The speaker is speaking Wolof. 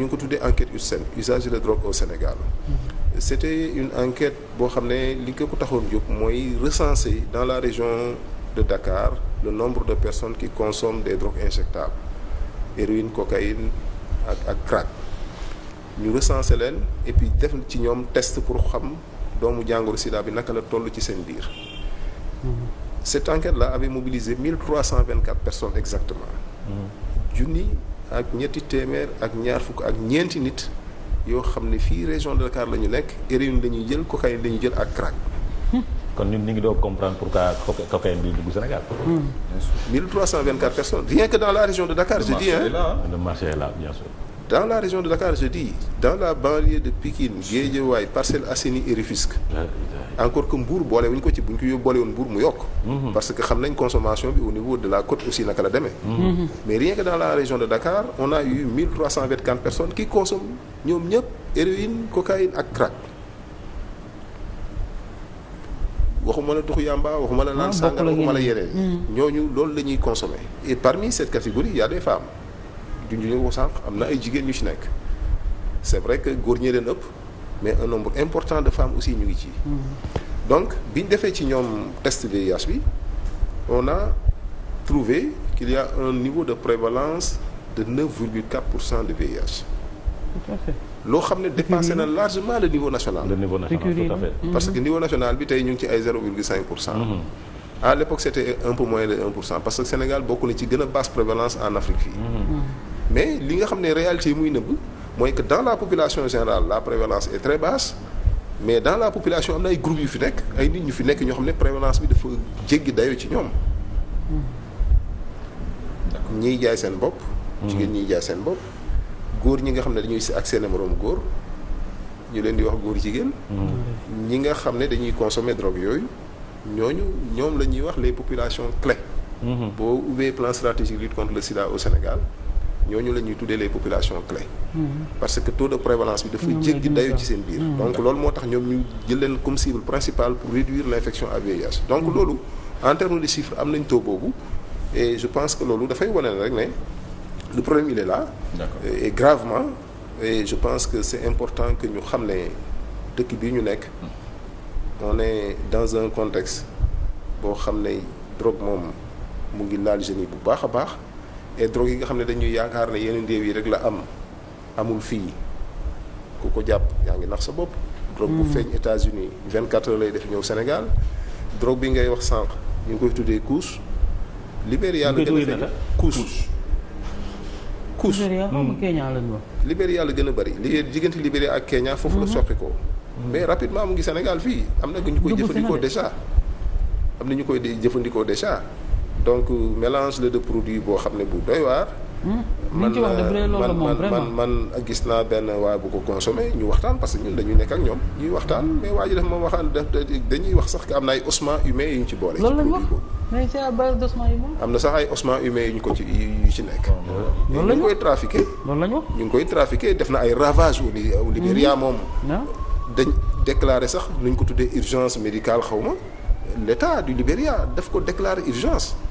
ñu ngi ko tuddee enquête USEN usage de drogue au Sénégal mm-hmm. c'était une enquête boo xam ne li ko ko taxoon jóg mooy recenser dans la région de Dakar le nombre de personnes ki consomment des drogues injectables héroïne cocaïne ak ak crack ñu recenser leen et puis def ci ñoom test pour xam doomu jàngoro sida bi naka la toll ci seen biir mm-hmm. cette enquête la avait mobilisé 1324 personnes exactement mm-hmm. junni ak ñetti téeméer ak ñaar fukk ak ñeenti nit yoo xam ne fii région de Dakar la ñu nekk héroïne dañuy jël cocaïne dañuy jël ak crack. kon ñun ñu ngi doog comprendre pourquoi cocaïne bi dugg Sénégal. bien sûr 1324 personnes rien que dans la région de Dakar. je marché est là bien sûr. dans la région de Dakar je dis dans la banlieue de Pikine Guédiawaye Parcelles Assainies et Rufisque encore que Mbour boole wuñ ko ci buñ ko yób boole woon Mbour mu yokk mhm. parce que xam nañ consommation bi au niveau de la côte aussi naka la demee mhm. Mhm. mais rien que dans la région de Dakar on a eu 1324 personnes qui consomment ñoom ñëpp héroïne cocaïne ak crack waxuma la tuxu yàmba waxuma la naan ah, sàngara waxuma la yeneen ñooñu loolu la ñuy et parmi cette catégorie a des femmes junj ñu ko sànq am na ay jigéen ñu ci nekk c'est vrai que góor ñee leen ëpp mais un nombre important de femmes aussi ñu ngi ci. Mm-hmm. donc bi ñu defee ci ñoom test VIH bi on a trouvé qu'il y a un niveau de prévalence de de VIH. loo xam ne dépassé na largement le niveau national. le niveau national mm-hmm. parce que niveau national bi tey ñu ngi ci ay mm-hmm. à l'époque c'était un peu moins de 1 pour cent parce que Sénégal bokk na ci gën a basse prévalence en Afrique fii. li nga xam ne réalité muy nëbb mooy que dans la population générale la prévalence est très basse mais dans la population am na ay groupes yu fi nekk ay nit ñu fi nekk ñoo xam ne prévalence bi dafa jéggi dayoo ci ñoom. ñiy jaay seen bopp. jigéen ñiy jaay seen bopp. góor ñi nga xam ne dañuy si ak seen moroom góor ñu leen di wax góor jigéen. Mm. ñi nga xam ne dañuy consommer drogue yooyu ñooñu ñoom la ñuy wax les population clés. Mm-hmm. boo ubbee plan stratégique lutte contre le sida au Sénégal. ñooñu la ñuy tuddee les populations clés. Mhm. parce que taux de prévalence bi dafa jéggi dayo ci seen biir. Mhm. donc loolu moo tax ñoom ñu jël leen comme cible principale pour réduire l' infection donc mhm. loolu en termes de chiffres am nañ taux boobu et je pense que loolu dafay wane rek ne le problème il est là. et gravement je pense que c' est important que ñu xam ne dëkk bii ñu nekk. Hmm. on est dans un contexte boo xam ne drogue moom mu ngi laal jeunes yi bu baax a baax. et drogue yi nga xam ne dañuy yaakaar ne yeneen réew yi rek la am amul fii ku ko jàpp yaa ngi nax sa bopp. drogue bu hmm. feeñ États-Unis 24 heures lay def ñëw Sénégal drogue bi ngay wax sànq ñu koy tuddee couche. Libéria hmm. la gën a feeñ couche couche. Libéria la gën a bëri li diggante Libéria ak Kenya foofu la hmm. soqi ko mais rapidement mu ngi Sénégal fii am na ñu koy jëfandikoo déjà am na ñu koy jëfandikoo déjà. donc euh, mélange la de produit boo xam ne bu doy waar. Hmm? Euh, man man man man gis naa benn waaye bu ko consommé ñu waxtaan parce que ñun dañuy nekk ak ñoom ñuy waxtaan hmm. mais waa ji daf ma waxaan daf dañuy wax sax que am na ay ossements humains yu ñu ci boole. loolu la ñu wax mais na sax ay ossements humains yu ñu ko ci yu ci nekk. loolu la ñu koy trafiqué. loolu la ñu wax ñu ngi koy trafiqué def na ay ravages au Libéria hmm. moom. dañ déclaré sax nu ñu ko tuddee urgence médical xaw ma l' état du Libéria daf ko déclaré urgence.